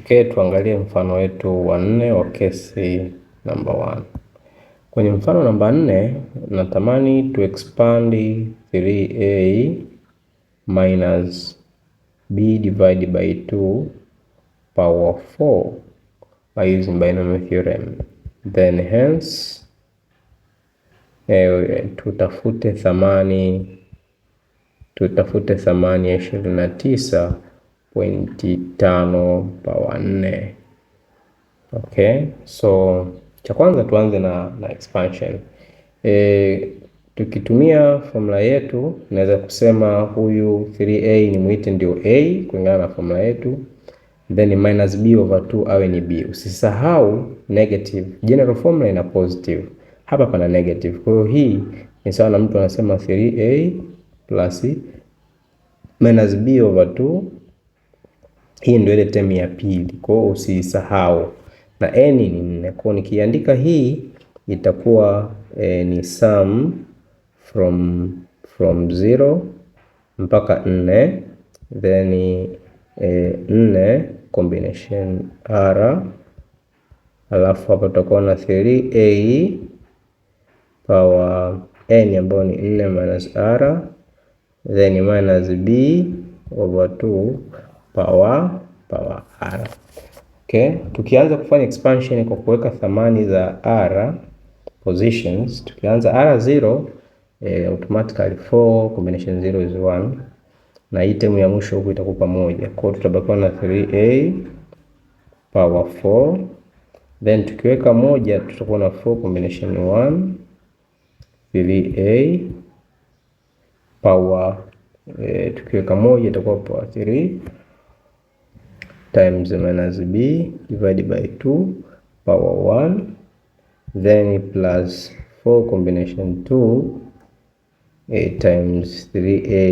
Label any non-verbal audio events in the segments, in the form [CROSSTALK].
Okay, tuangalie mfano wetu wa nne wa kesi namba 1. Kwenye mfano namba nne natamani tu expand 3a minus b divided by 2 power 4 by using binomial theorem. Then hence eh, tutafute thamani tutafute thamani ya ishirini na tisa pointi tano pawa nne. Okay, so cha kwanza tuanze na, na expansion e, tukitumia formula yetu naweza kusema huyu 3a ni mwite ndio a kulingana na formula yetu, then minus b over 2 awe ni b. Usisahau negative, general formula ina positive, hapa pana negative. Kwa hiyo hii ni sawa na mtu anasema 3a plus minus b over hii ndio ile term ya pili, kwa hiyo usisahau, na n ni nne. Kwa hiyo nikiandika hii itakuwa eh, ni sum from from 0 mpaka 4 then eh, 4 combination r alafu hapa tutakuwa na 3a power n ambayo ni 4 minus r then minus b over 2 power power r. Okay, tukianza kufanya expansion kwa kuweka thamani za r positions, tukianza r 0 eh, automatically 4 combination 0 is 1 na item ya mwisho huku itakupa moja, kwa hiyo tutabakiwa na 3a power 4 then tukiweka moja tutakuwa na 4 combination 1 3a power eh, tukiweka moja itakuwa power 3 times minus b divided by 2 power 1 then plus 4 combination 2 a times 3a.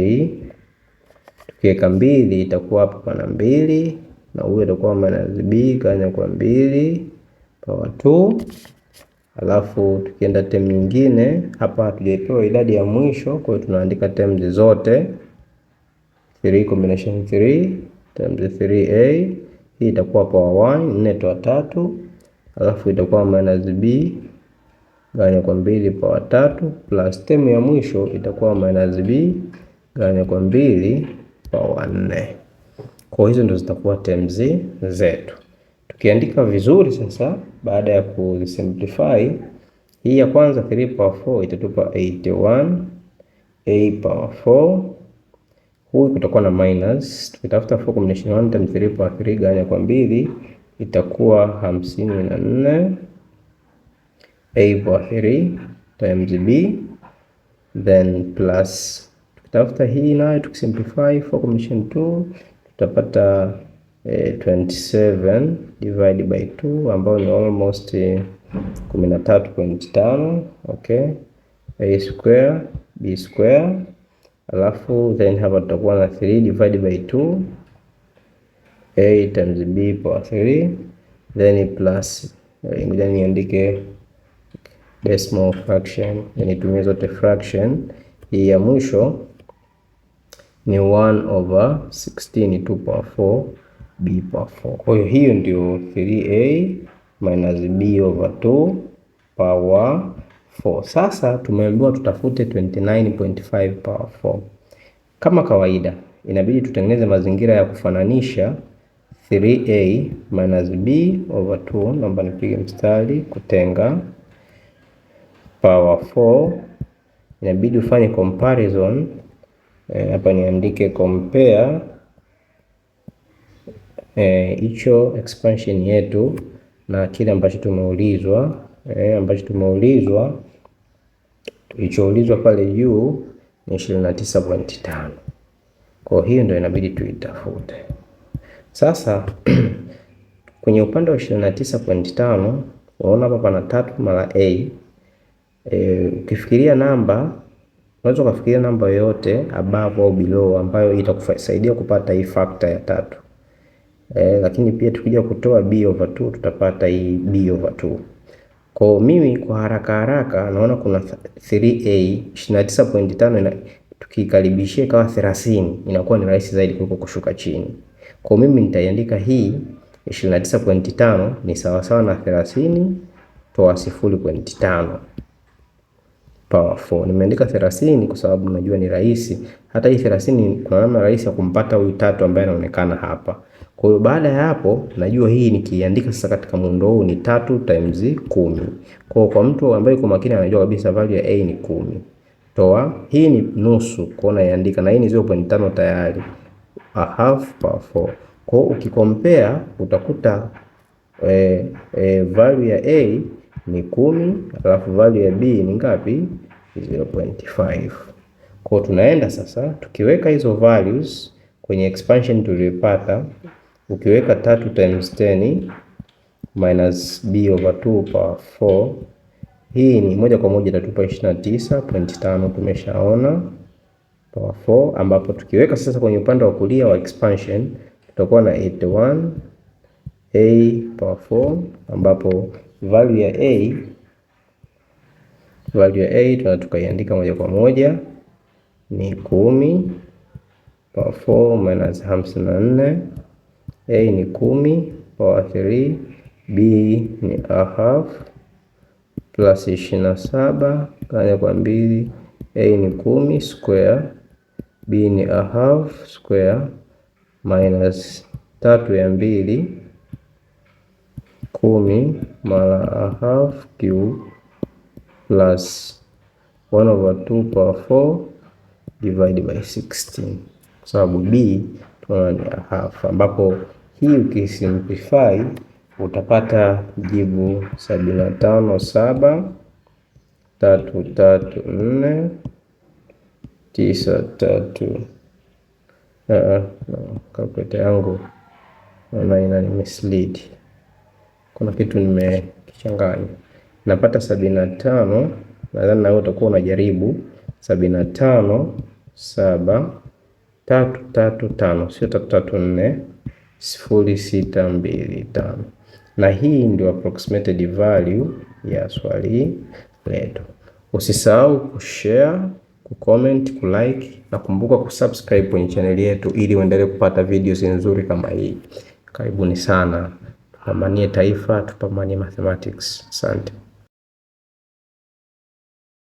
Tukiweka mbili itakuwa hapa pana mbili na huyo itakuwa minus b kanya kwa mbili power 2. Alafu tukienda term nyingine hapa hatujapewa idadi ya mwisho, kwa hiyo tunaandika terms zote 3 combination 3 times 3a, hii itakuwa power 1, nne toa tatu, alafu itakuwa minus b gawanya kwa mbili power tatu, plus term ya mwisho itakuwa minus b gawanya kwa mbili power nne. Kwa hizo ndo zitakuwa terms zetu. Tukiandika vizuri sasa, baada ya kusimplify hii ya kwanza 3 power 4 itatupa 81 a power 4 huyu kutakuwa na minus, tukitafuta 4 combination 1 times 3 power 3 ganya kwa mbili itakuwa hamsini na nne a power 3 times b then plus tukitafuta hii nayo tukisimplify 4 combination 2 tutapata eh, 27 divide by 2 ambayo ni almost eh, 13.5. Okay, a square b square alafu then hapa tutakuwa na 3 divided by 2 a times b power 3 then plus, ngoja niandike decimal fraction, nitumie zote fraction. Hii ya mwisho ni 1 over 16 2 power 4 b power 4. Kwa hiyo hiyo ndio 3a minus b over 2 power 4. Sasa tumeambiwa tutafute 29.5 power 4. Kama kawaida, inabidi tutengeneze mazingira ya kufananisha 3a minus b over 2, naomba nipige mstari kutenga power 4, inabidi ufanye comparison eh, hapa. E, niandike compare eh, hicho e, expansion yetu na kile ambacho tumeulizwa e, ambacho tumeulizwa tulichoulizwa pale juu ni 29.5. Kwa hiyo ndio inabidi tuitafute sasa. [CLEARS THROAT] kwenye upande wa 29.5 unaona hapa pana tatu mara a. E, Ukifikiria namba unaweza ukafikiria namba yoyote above au below ambayo itakusaidia kupata hii factor ya tatu. E, lakini pia tukija kutoa b over 2 tutapata hii b over 2. Kwa mimi kwa haraka haraka naona kuna 3A 29.5 tukikaribishia kawa 30 inakuwa ni rahisi zaidi kuliko kushuka chini. Kwa mimi nitaiandika hii 29.5 ni sawa sawa na 30 toa 0.5 power 4. Nimeandika 30 kwa sababu najua ni rahisi. Hata hii 30 kuna namna rahisi ya kumpata huyu tatu ambaye anaonekana hapa. Kwa hiyo baada ya hapo najua hii nikiandika sasa katika muundo huu ni tatu times kumi. Kwa kwa mtu ambaye yuko makini anajua kabisa value ya a ni kumi. Toa hii ni nusu, kwa naiandika na hii ni 0.5 tayari. A half power 4. Kwa ukikompare utakuta e, e, value ya a ni kumi alafu value ya b ni ngapi? 0.5. Kwa tunaenda sasa tukiweka hizo values kwenye expansion tuliyopata Ukiweka tatu times 10 minus b over 2 power 4, hii ni moja kwa moja itatupa 29.5, tumeshaona power 4, ambapo tukiweka sasa kwenye upande wa kulia wa expansion tutakuwa na 81 a power 4, ambapo value ya a value ya a tuna tukaiandika moja kwa moja ni kumi power 4 minus hamsini na nne A ni kumi power 3, B ni a half plus ishirini na saba gawanya kwa mbili. A ni kumi square, B ni a half square minus tatu ya mbili kumi mara a half cube plus 1 over 2 power 4 divided by 16 kwa sababu B tunaona ni a half ambapo hii ukisimplify utapata jibu sabini na tano saba tatu tatu nne tisa tatu. Kalkuleta yangu naona ina mislead, kuna kitu nimekichanganya. Napata sabini na tano, nadhani nawe utakuwa unajaribu sabini na tano saba tatu tatu tano, sio tatu tatu nne 0625 na hii ndio approximated value ya swali letu. Usisahau kushare, kucomment, kulike na kumbuka kusubscribe kwenye chaneli yetu ili uendelee kupata videos nzuri kama hii. Karibuni sana, tupambanie taifa, tupambanie mathematics. Asante.